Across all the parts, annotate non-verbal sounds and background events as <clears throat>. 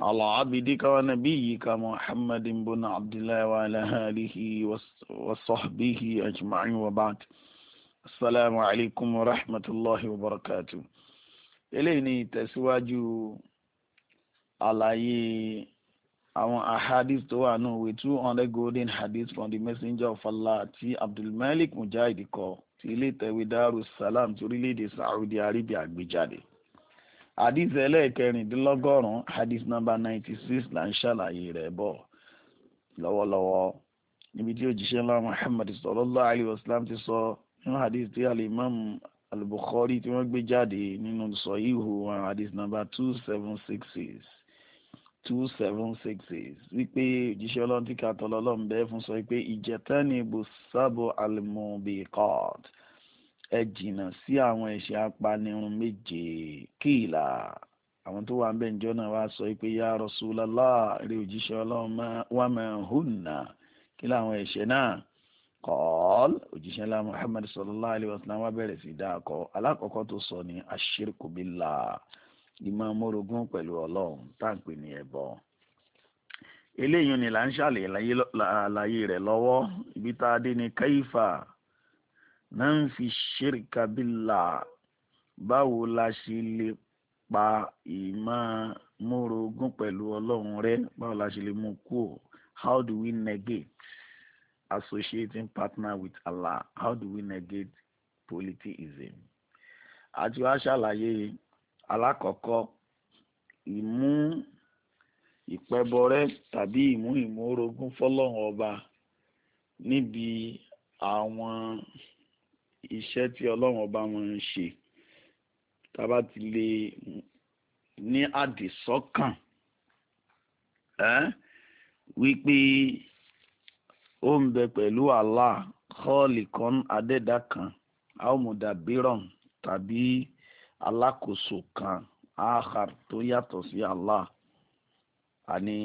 على عبدك ونبيك محمد بن عبد الله وعلى آله وصحبه أجمعين وبعد السلام عليكم ورحمة الله وبركاته إليني تسواج على àwọn ahadith tó wà náà wé two hundred golden hadith from the messenger of allah ti abdulmalik mujahid kọ ti ilé ìtẹ̀wé darussalam ti orílẹ̀-èdè saudi arabia gbé jáde hadith ẹlẹ́ẹ̀kẹrìndínlọ́gọ́rùn-ún hadith number ninety six la ń ṣàlàyé rẹ̀ bọ̀ lọ́wọ́lọ́wọ́ níbi tí òjíṣẹ́ ńlá muhammad sallallahu alayhi wa sallam ti sọ nínú hadith tí alimam al-bukhari tí wọ́n gbé jáde nínú sọ̀híhù wọn hadith number two seven six six two seven six six wípé òjíṣẹ́ ọlọ́run tí kàtọ́ lọ́lọ́run bẹ́ẹ̀ fún sọ pé ìjẹ̀tẹ́ni ibùsàbò alimobikot. ẹ jìnnà sí àwọn ẹ̀ṣẹ̀ apanirun méje kíìlà àwọn tó wà ń bẹ̀ ǹjọ́ náà wá sọ pé ya Rasulullah rí òjíṣẹ́ ọlọ́run wa ma hunna kí làwọn ẹ̀ṣẹ̀ náà kọ́ọ́l òjíṣẹ́ ńlá wa wá bẹ̀rẹ̀ sí dáa kọ́ alákọ̀ọ́kọ́ tó sọ ní ìmọ̀ mórogún pẹ̀lú ọlọ́run táǹpì ní ẹ̀bọ eléyìí ni là ń ṣàlàyé rẹ̀ lọ́wọ́ ibi tá a dé man fi ṣèrìkà billah báwo la ṣe lè pa ìmọ̀ mórogún pẹ̀lú ọlọ́run rẹ báwo la ṣe lè mú kú o how do we negate associating partner with Allah how do we negate polytheism àti wá ṣàlàyé alákọ̀ọ́kọ́ ìmú ìpẹbọrẹ tàbí ìmú ìmórogún fọlọ́run ọba níbi àwọn iṣẹ́ tí ọlọ́run ọba wọn ń ṣe tá a bá ti lè ní àdìsọ́kàn wípé ó ń bẹ pẹ̀lú Allah kọ́ọ̀lì kan adẹ́dá kan aomudabiron tàbí alákòóso kan ahar tó yàtọ̀ sí Allah àní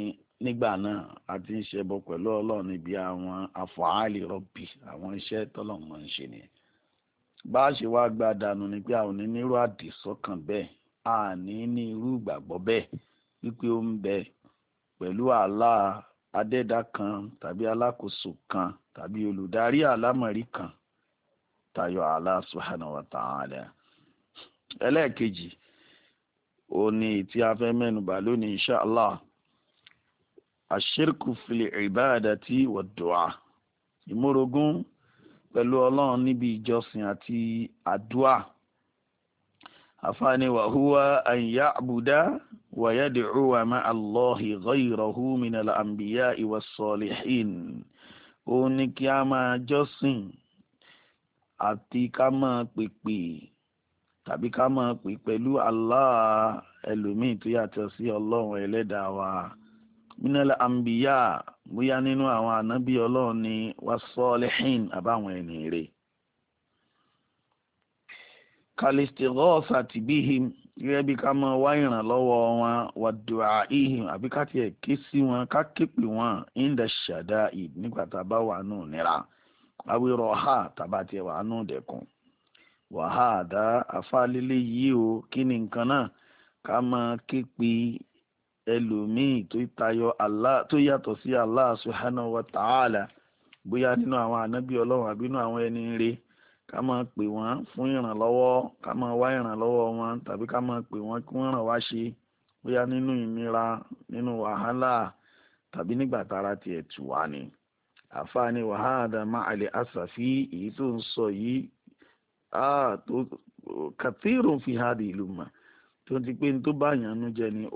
nígbà náà a ti ń ṣẹbọ pẹ̀lú ọlọ́run níbi àwọn àfọ̀hálì rọ́bì àwọn iṣẹ́ tọ́lọ́run ń ṣe nìyẹn bá a ṣe wá gba dànù ni pé a ò ní nírú àdìsọ́kàn bẹ́ẹ̀ a ní ní irú ìgbàgbọ́ bẹ́ẹ̀ wípé ó ń bẹ pẹ̀lú àlá adẹ́dá kan tàbí alákòóso kan tàbí olùdarí alamari kan tayọ Allah subhanahu wa ta'ala ẹlẹ́ẹ̀kejì ó ní tí a fẹ́ mẹ́nubà lónìí insha Allah àṣírkù fil ti wad du'a ìmúrogún pẹ̀lú ọlọ́run níbi ìjọsìn àti àdúà àfáàní wàhúwá àyà àbùdá wàyàdì ọwà má àlọ́hì ghayrahu minal anbiya wassalihin ó ní kí a máa jọ́sìn àti ká máa pèpè tàbí ká máa pè pẹ̀lú Allah ẹlòmíì tó yàtọ̀ sí ọlọ́run ẹlẹ́dàá wa. minal anbiya bóyá nínú àwọn ànábì ọlọ́run ni wasọ́ọ́lẹ́hìn abawon eni rè kalistighosa tibihim gẹ́gẹ́ bí ká máa wá ìrànlọ́wọ́ wọn wà dùà ihim àbí ká tiẹ̀ ké sí wọn ká képe wọn inda ṣàdá id nígbà tá a bá wà nù nira awírọ̀ ha tàbá tiẹ̀ wà nù dẹ̀kun wàhádà afálélé yìí o kí ni nǹkan náà ká máa képe ẹlòmíì tó tayọ Allah tó yàtọ̀ sí Allah subhanahu wà ta'ala bóyá nínú àwọn ànábì ọlọ́run àbí nínú àwọn ẹni rè ká máa pè wọ́n fún ìrànlọ́wọ́ ká máa wá ìrànlọ́wọ́ wọn tàbí ká máa pè wọ́n kí wọ́n ràn wá ṣe bóyá nínú ìnira nínú wàhálà tàbí nígbà tára tiẹ̀ asafi èyí tó ń sọ yìí fi ìlú tó ti pé ní tó bá ni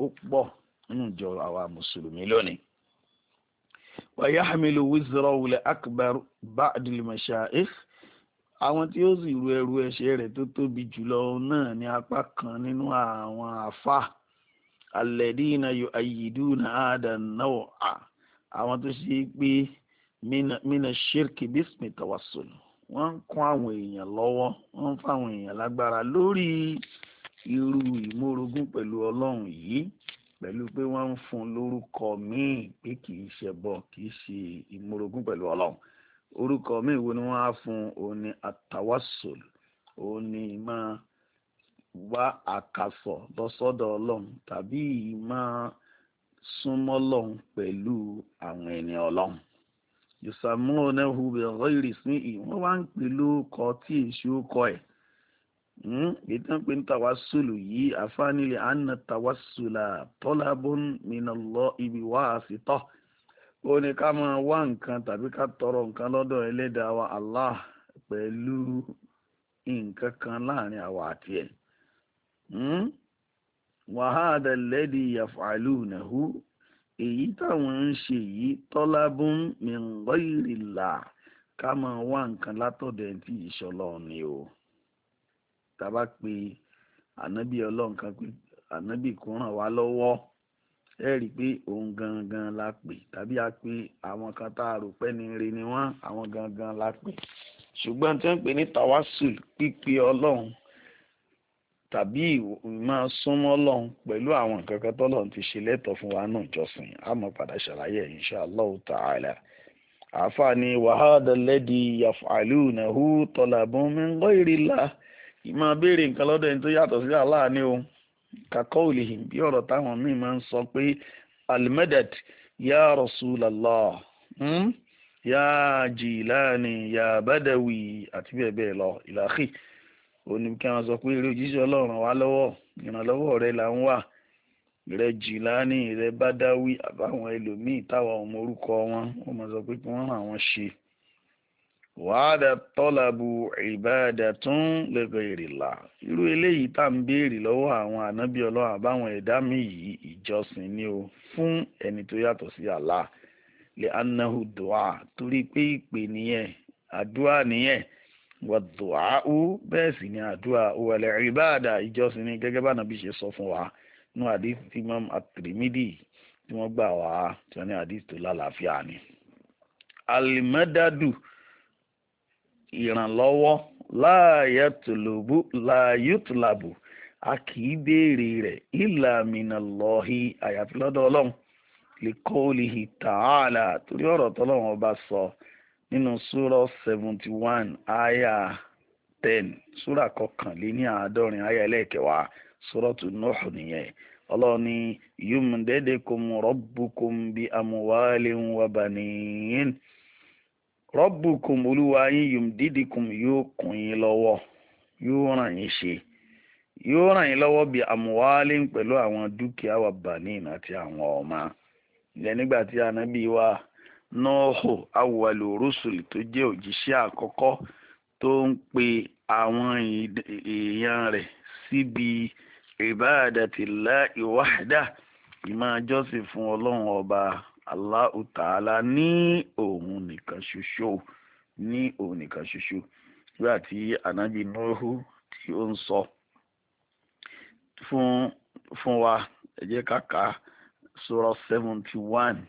ó pọ̀ nínú ìjọ àwa mùsùlùmí lónìí. wa akbar àwọn tí ó sì ru tó tóbi jùlọ náà ní apá kan nínú àwọn adan àwọn tó ṣe pé mina shirki bismi ń kún àwọn èèyàn ń èèyàn lágbára lórí irú yìí pẹ̀lú pé wọ́n ń fún lórúkọ míì pé kì í ṣẹbọ kì í ṣe ìmúrogún pẹ̀lú ọlọ́run orúkọ míì wo ni wọ́n á fún òun ni atawassul òun ni máa wá àkàsọ̀ lọ́sọ́dọ̀ ọlọ́run tàbí máa súnmọ́ ọlọ́run pẹ̀lú àwọn ẹni ọlọ́run yusamunahu bi ghayri ismihi wọ́n wá ń pè lórúkọ tí èṣù kọ ẹ̀ ìtàn hmm? pé tawasulu yìí àfáànílẹ̀ anna tawasula tọ́lábọ́n minallah ibi wá àsìtọ́ ó ní ká máa wá nǹkan tàbí ká tọrọ nǹkan lọ́dọ̀ ẹlẹ́dàá wa Allah pẹ̀lú nǹkan kan láàrin àwa àti ẹ̀ wàhádà lẹ́dí yàfàlù nàhú èyí táwọn ń ṣe yìí tọ́lábọ́n min ghayril la ká máa wá nǹkan látọ̀dọ̀ tí ìṣọ̀lọ́ ni o tàbá pe ànábì ọlọ́run kan pé ànábì kó ràn wá lọ́wọ́ ẹ rí i pé òun gangan la pè tàbí a pè àwọn kan tá a rò pé ní rí ni wọ́n àwọn gangan la pè ṣùgbọ́n tí wọ́n pè ní tawasul pípe ọlọ́run tàbí ìmọ̀ súnmọ́ ọlọ́run pẹ̀lú àwọn nǹkan kan tọ́lọ́run ti ṣe lẹ́tọ̀ọ́ fún wa náà jọ́sìn a padà ṣàlàyé insha Allah ta'ala àfààní wàhálà lẹ́dí yàfàlùnàhù tọ́làbùn min ghayrillah ìmọ̀ béèrè nǹkan lọ́dọ̀ ẹni tó yàtọ̀ sí Allah ni o kàkọ́ ò lè hìn bí ọ̀rọ̀ táwọn míì máa ń sọ pé almedad ya rasulallah hmm? ya jilani ya badawi àti bẹ́ẹ̀ bẹ́ẹ̀ lọ ìlàkì ó ní kí wọ́n sọ pé eré òjíṣẹ́ ọlọ́run wá lọ́wọ́ ìrànlọ́wọ́ rẹ̀ là ń wà rẹ̀ jilani rẹ̀ badawi àbáwọn ẹlòmíì táwọn ọmọ orúkọ wọn ó máa sọ pé kí wọ́n ràn wọ́n ṣe wàhádà tọ́làbù ìbáàdà tún lẹ́gbẹ̀ẹ́ ìrìlà irú eléyìí tá à ń béèrè lọ́wọ́ àwọn ànábì ọlọ́run àbáwọn ẹ̀dá mi yìí ìjọsìn ni o fún ẹni tó yàtọ̀ sí Allah lè anahu dùá torí pé ìpè nìyẹn àdúrà nìyẹn wà dùá ó bẹ́ẹ̀ sì ni àdúrà òwẹ̀lẹ̀ ìbáàdà ìjọsìn ni gẹ́gẹ́ bá nàbí ṣe sọ fún wa nú àdìs tí Imam at tí wọ́n gbà wá tí wọ́n ní ìrànlọ́wọ́ láàyẹ̀tùlùbù láàyùtùlàbù a kì í béèrè rẹ̀ ìlàmìnà lọ́hí àyàfi lọ́dọ̀ ọlọ́run lè kọ́ torí ọ̀rọ̀ tọ́lọ́run ọba sọ nínú súrọ̀ seventy one àyà ten súrà kọkànléní àádọ́rin àyà ẹlẹ́ẹ̀kẹwàá súrọ̀ tù nùhù nìyẹn ọlọ́run ni yumdedekum rabbukum bi amwalin wa rọ́bùkùn olúwa yín yòmdídìkùn yóò kún yín lọ́wọ́ yóò ràn yín ṣe yóò ràn yín lọ́wọ́ bí àmúwálé pẹ̀lú àwọn dúkìá wà bàníìn àti àwọn ọmọ ìyẹn nígbà tí ànábì wa nọ́ọ̀hù awùwàlù rúṣùlì tó jẹ́ òjíṣẹ́ àkọ́kọ́ tó ń pe àwọn èèyàn rẹ̀ síbi ìbáàdàtìlá ìwáàdà ìmáa fún ọlọ́run ọba Allahu Ta'ala ní òun nìkan ṣoṣo ní òun nìkan ṣoṣo nígbà tí anabi nuhu tí ó ń sọ fún fún wa ẹ jẹ́ ká ka sura seventy one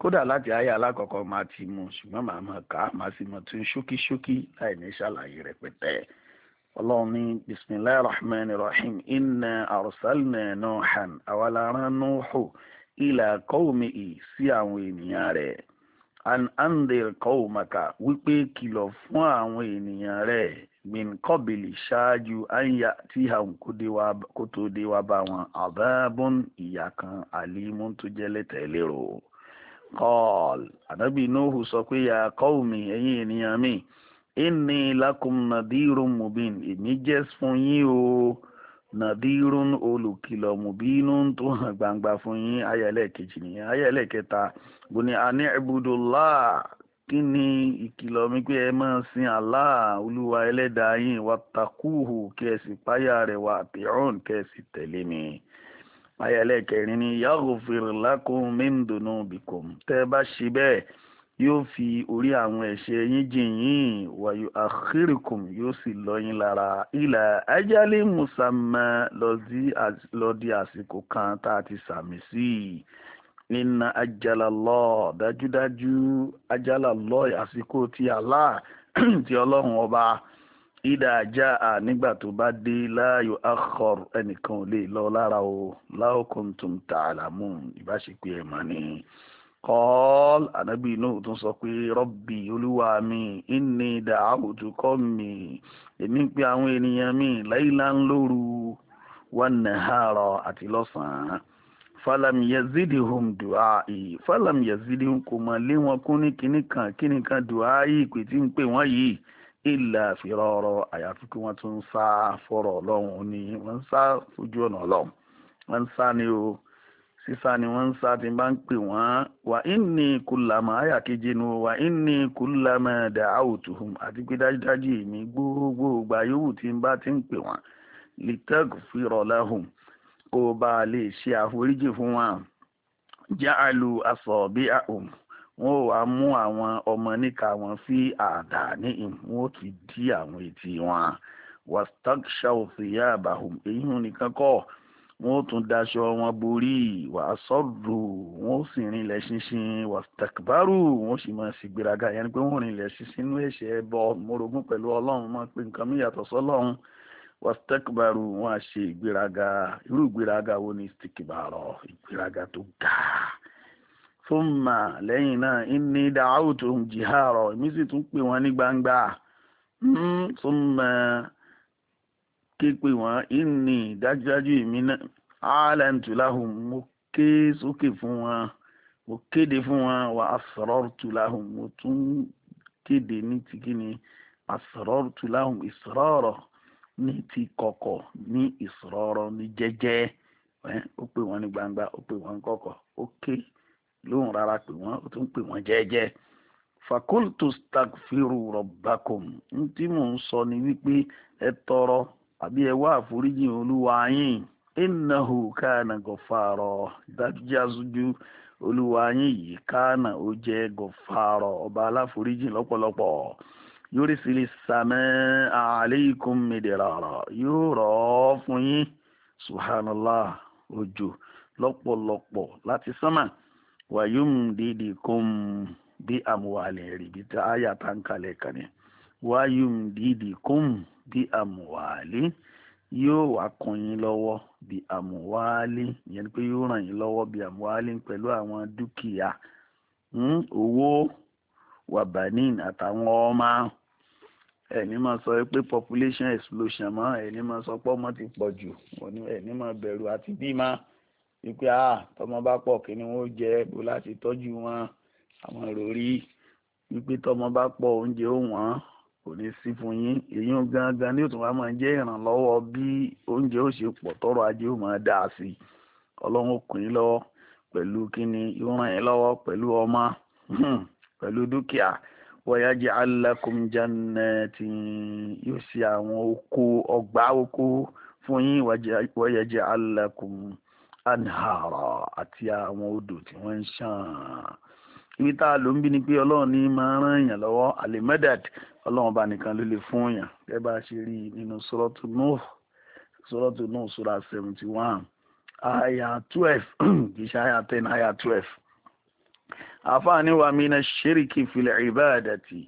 kódà láti ayé alákọ̀ọ́kọ́ máa ti mú ṣùgbọ́n màá máa kà á màá sì máa tún ṣókíṣókí láì ní ṣàlàyé rẹpẹtẹ. ọlọ́run ní bisimilayi rahman rahim inna arsalna nuhan awalaran nuhu ilà kọ́ọ̀mì ì sí àwọn ènìyàn rẹ̀ and andir kọ́ọ̀màkà wípé kìlọ̀ fún àwọn ènìyàn rẹ̀ min kọ́bìlì ṣáájú àyà tí àwọn kó tó dé wá bá wọn àbábọ́n ìyà kan àlímú tó jẹ́lẹ̀ tẹ̀lé rò kọ́ọ̀l ànábì nóhù sọ pé ya kọ́ọ̀mì ẹ̀yin ènìyàn mi inni lakum nadirun èmi jẹ́ fún yín o. nadirun olùkìlọ̀ mùbínú tó hàn gbangba fún yín ayẹlẹ́ kejì nìyẹn ayẹlẹ́ kẹta bùnì ani ibùdókòlá kí ni ìkìlọ̀ mi pé ẹ máa sin Allah olúwa ẹlẹ́dàá yín kí ẹ sì páyà rẹ̀ wà àtẹ̀hún kí ẹ sì tẹ̀lé mi ayẹlẹ́ ni yaghfir lakum min dunubikum tẹ́ bá yóò fi orí àwọn ẹ̀ṣẹ̀ yín jìn yín wàyò àkírìkùn yóò sì lọ yín lára ilà ajálẹ̀ musamman lọ di àsìkò kan tá a ti sàmì sí i nínà ajalalọ dájúdájú ajalalọ àsìkò ti Allah <clears throat> ti ọlọ́run ọba ìdá ajá à nígbà tó bá dé láàyò akhor ẹnìkan ò lè lọ lára o láòkùn tó ń ta àlámù ìbáṣepẹ̀ ẹ̀ mọ́ ni. kọ́ọ́l ànábì Nuhu tún sọ pé rọ́bì olúwa mi ìní da'awtu qawmi èmi ń pe àwọn ènìyàn mi laylan lóru wan nahara àti lọ́sàn-án falam yazidhum du'ai falam yazidhum kò mọ̀ lé wọn kún ní kinní kan kinní kan du'ai ìpè tí ń pè wọ́n yìí ìlà firara àyàfi kí wọ́n tún ń sá fọ́rọ̀ ọlọ́run ni wọ́n ń sá ojú ọ̀nà ọlọ́run wọ́n ń sá ni o. sísá ni wọ́n ń sá tí n bá ń pè wọ́n wà inni kullama àyà keje nu wà inni kullama da'awtuhum àti pé dájúdájú èmi gbogbo ìgbà yòówù tí n bá ti ń pè wọ́n litaghfira lahum kó o bá lè ṣe àforíjì fún wọn ja'alu asabi'ahum wọn ò wá mú àwọn ọmọ níka wọn sí àdá ní ìmú ó ti dí àwọn etí wọn wastaghshaw thiyabahum èyí nìkan kọ́ ọ̀ wọn ó tún daṣọ wọn borí wàá sọ́ọ̀rù wọn ó sì rinlẹ̀ ṣinṣin wàtàkùbárù wọn ó sì máa sì gbéraga yẹn ni pé wọn ò rinlẹ̀ ṣinṣin inú ẹ̀ṣẹ̀ bọ morogún pẹ̀lú ọlọ́run máa pe nǹkan mi yàtọ̀ sọ́lọ́run wàtàkùbárù wọn á ṣe ìgbéraga irú ìgbéraga wo ni stikibaro ìgbéraga tó ga fúnma lẹ́yìn náà inni da'awtuhum jiharo èmi sì tún pè wọ́n ní gbangba fúnma. Hmm, ké pè wọ́n ìní dájúdájú èmi náà alamtu lahum mo ké sókè fún wọn mo kéde fún wọn wa asrartu lahum mo tún kéde ní ti kíni asrartu lahum israra ní ti kọ̀kọ̀ ní israra ní jẹ́jẹ́ ó pè wọ́n ní gbangba ó pè wọ́n kọ̀kọ̀ ó ké lóhùn rárá pè wọ́n ó tún pè wọ́n jẹ́jẹ́ fakultu stagfiru rabbakum n mò ń sọ ni wípé ẹ tọrọ àbí ẹ wá àforíjì olúwa yín innahu kana gọ̀fàrọ̀ dájúdájú olúwa yín yìí kana ó jẹ́ gọ̀fàrọ̀ ọba aláforíjì lọ́pọ̀lọpọ̀ yórí sí lè sàmẹ́ alaykum midrara yóò rọ̀ ọ́ fún yín subhanallah òjò lọ́pọ̀lọpọ̀ láti sánmà dídì bí rìbìtà àyà bí àmùwálé yóò wá kún yín lọ́wọ́ bí àmùwálé ìyẹn ni pé yóò ràn yín lọ́wọ́ bí àmùwálé pẹ̀lú àwọn dúkìá hmm, owó wàbánín àtàwọn ọmọ ẹni máa sọ pé population explosion mọ́ ẹni máa sọ pé ọmọ ti pọ̀ jù ẹni máa bẹ̀rù àti bímọ wípé ah tọmọ bá pọ̀ kí ni wọ́n jẹ bó láti tọ́jú wọn àwọn rò rí wípé tọmọ bá pọ̀ oúnjẹ ó wọ́n kò ní sí fún yín èyí gangan ní òtún wa máa jẹ́ ìrànlọ́wọ́ bí oúnjẹ ó ṣe pọ̀ tọrọ ajé ó máa dáa sí i ọlọ́run kùn yín lọ́wọ́ pẹ̀lú kíni yóò ràn yín lọ́wọ́ pẹ̀lú ọmọ hmm, pẹ̀lú dúkìá wọ́yá jẹ́ alákùnjánẹ́tì yóò ṣe àwọn oko ọgbà oko fún yín wọ́yá alákùn anhara àti àwọn odò tí wọ́n ń ṣàn án ibi tá a lò ń bí ni pé ọlọ́run ní máa ràn yàn lọ́wọ́ alimedad ọlọ́run bá nìkan ló lè fún yàn gẹ́gẹ́ bá ṣe rí nínú sọ́rọ́tù Nuh sọ́rọ́tù Nuh sura seventy one aya twelve kì í ṣe aya ten aya twelve àfààní wa mina ṣíríkì filẹ̀ ìbáàdàtì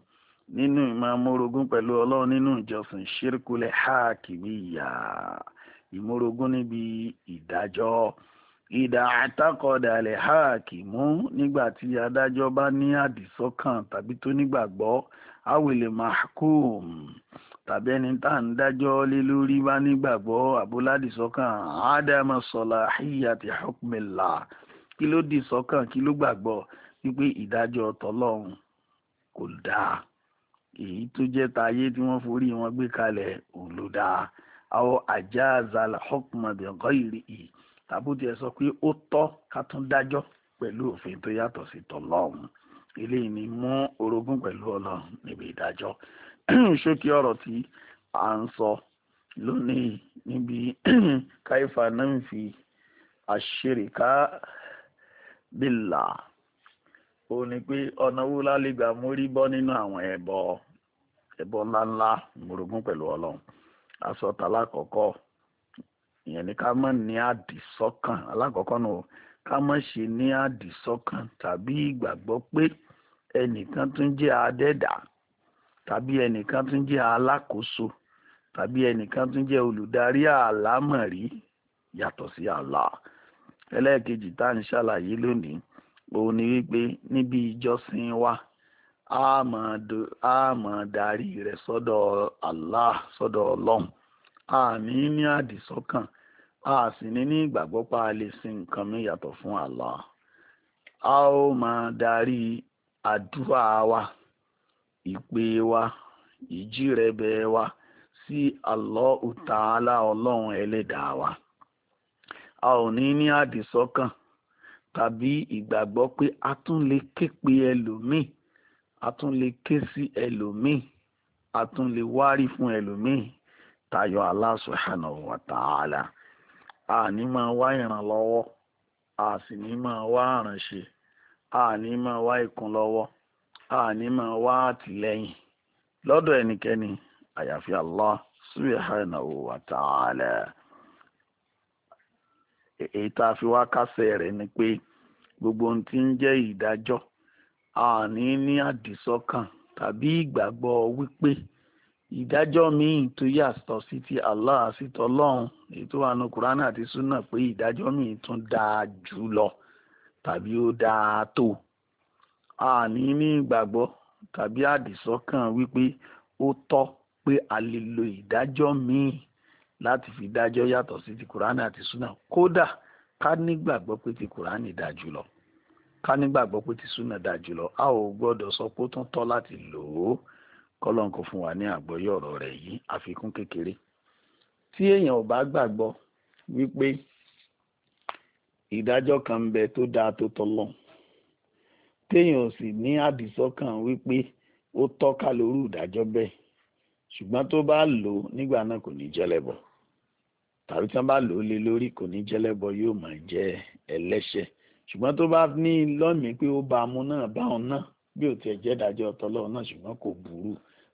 nínú ìmọ̀ọ́mọ́rogún pẹ̀lú ọlọ́run nínú ìjọsìn ṣírkulẹ̀ háàkì bíyà ìmọ̀ọ́rogún níbi ìdájọ́ ìdá àtakọ̀dà lè háàkì mú nígbà tí adájọ́ bá ní àdìsọ́kàn tàbí tó nígbàgbọ́ awele mahkum tàbí ẹni tá à ń dájọ́ lé lórí bá nígbàgbọ́ àbúládìsọ́kàn ádámà salahiyati hukmillah kí ló dìsọ́kàn kí ló gbàgbọ́ wípé ìdájọ́ tọlọ́run kò dáa èyí tó jẹ́ tayé tí wọ́n forí wọn gbé kalẹ̀ òun ló dáa àwọn àjá zala hukma bi ghairi yìí tàbútì ẹ sọ pé ó tọ́ ká tún dájọ́ pẹ̀lú òfin tó yàtọ̀ sí tọlọ́run eléyìí ni mú orogún pẹ̀lú Ọlọ́run níbi ìdájọ́ <clears throat> ṣókí ọ̀rọ̀ tí à ń sọ lónìí níbi káyífà náà ń fi àṣeríkà bìlà ó ní pé ọ̀nà wo la lè gbà mórí bọ́ nínú àwọn ẹbọ ẹbọ ńláńlá orogún pẹ̀lú Ọlọ́run aṣọ tàlákọ̀ọ́kọ́ ìyẹn ni ká má ní àdìsọ́kàn alákọ̀ọ́kọ́ ká má ṣe ní àdìsọ́kàn tàbí ìgbàgbọ́ pé ẹnìkan tún jẹ́ adẹ́dà tàbí ẹnìkan tún jẹ́ alákòóso tàbí ẹnìkan tún jẹ́ olùdarí àlámọ̀rí yàtọ̀ sí ẹlẹ́ẹ̀kejì tá à ń ṣàlàyé lónìí òun ni wípé níbi ìjọsìn wa a darí rẹ̀ sọ́dọ̀ a sì ní ní ìgbàgbọ́ pa a lè sin nǹkan mi yàtọ̀ fún a ó máa darí àdúrà wa ìpè wa ìjírẹ̀bẹ̀ wa sí alo utahala ọlọ́run ẹlẹ́dàá wa a ò ní ní àdìsọ́kàn tàbí ìgbàgbọ́ pé a tún lè ké pe ẹlòmíì a tún lè ké sí ẹlòmíì a tún lè wárí fún ẹlòmíì tayo Allah Subhanahu wa àní máa wá ìrànlọ́wọ́ àsì ní máa wá àrànṣe àní máa wá ìkúnlọ́wọ́ àní máa wá àtìlẹ́yìn lọ́dọ̀ ẹnikẹ́ni àyàfi Allah subhanahu wa ta'ala èyí tá a fi wá kásẹ̀ rẹ̀ ni pé gbogbo ohun ti ń jẹ́ ìdájọ́ àní ní àdìsọ́kàn tàbí ìgbàgbọ́ wípé ìdájọ́ míì tó yàtọ̀ sí ti Allah àti tọlọ́run èyí tó wà nù kúránì àti súnà pé ìdájọ́ míì tún dáa jù lọ tàbí ó dáa tó a ní ní ìgbàgbọ́ tàbí àdìsọ́kàn wípé ó tọ́ pé a lè lo ìdájọ́ míì láti fi dájọ́ yàtọ̀ sí ti kúránì àti súnà kódà ká nígbàgbọ́ pé ti kúránì dáa jù lọ ká nígbàgbọ́ pé ti súnà dáa jù lọ a ò gbọ́dọ̀ sọ pé ó tún tọ́ láti lò ó kọ́lọ́n kò fún wa ní àgbọ́yé ọ̀rọ̀ rẹ̀ yìí àfikún kékeré tí èèyàn ò bá gbàgbọ́ wípé ìdájọ́ kan ń bẹ tó dáa tó tọ́lọ́ téèyàn ò sì ní àdìsọ́kàn wípé ó tọ́ka lórí ìdájọ́ bẹ́ẹ̀ ṣùgbọ́n tó bá lò ó nígbà náà kò ní jẹ́lẹ́bọ tàbí tí wọ́n bá lò ó lé lórí kò ní jẹ́lẹ́bọ yóò máa jẹ́ ẹlẹ́ṣẹ̀ ṣùgbọ́n tó bá ní lọ́mìí pé ó bá a mú náà báwọn náà bí ó tiẹ̀ jẹ́ ìdájọ́ ọ̀tọ́lọ́wọ́ náà ṣùgbọ́n kò burú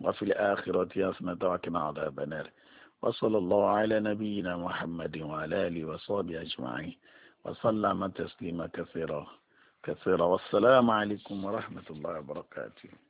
وفي الآخرة حسنة وقنا عذاب نار وصلى الله على نبينا محمد وعلى آله وصحبه أجمعين وسلم تسليما كثيرا كثيرا والسلام عليكم ورحمة الله وبركاته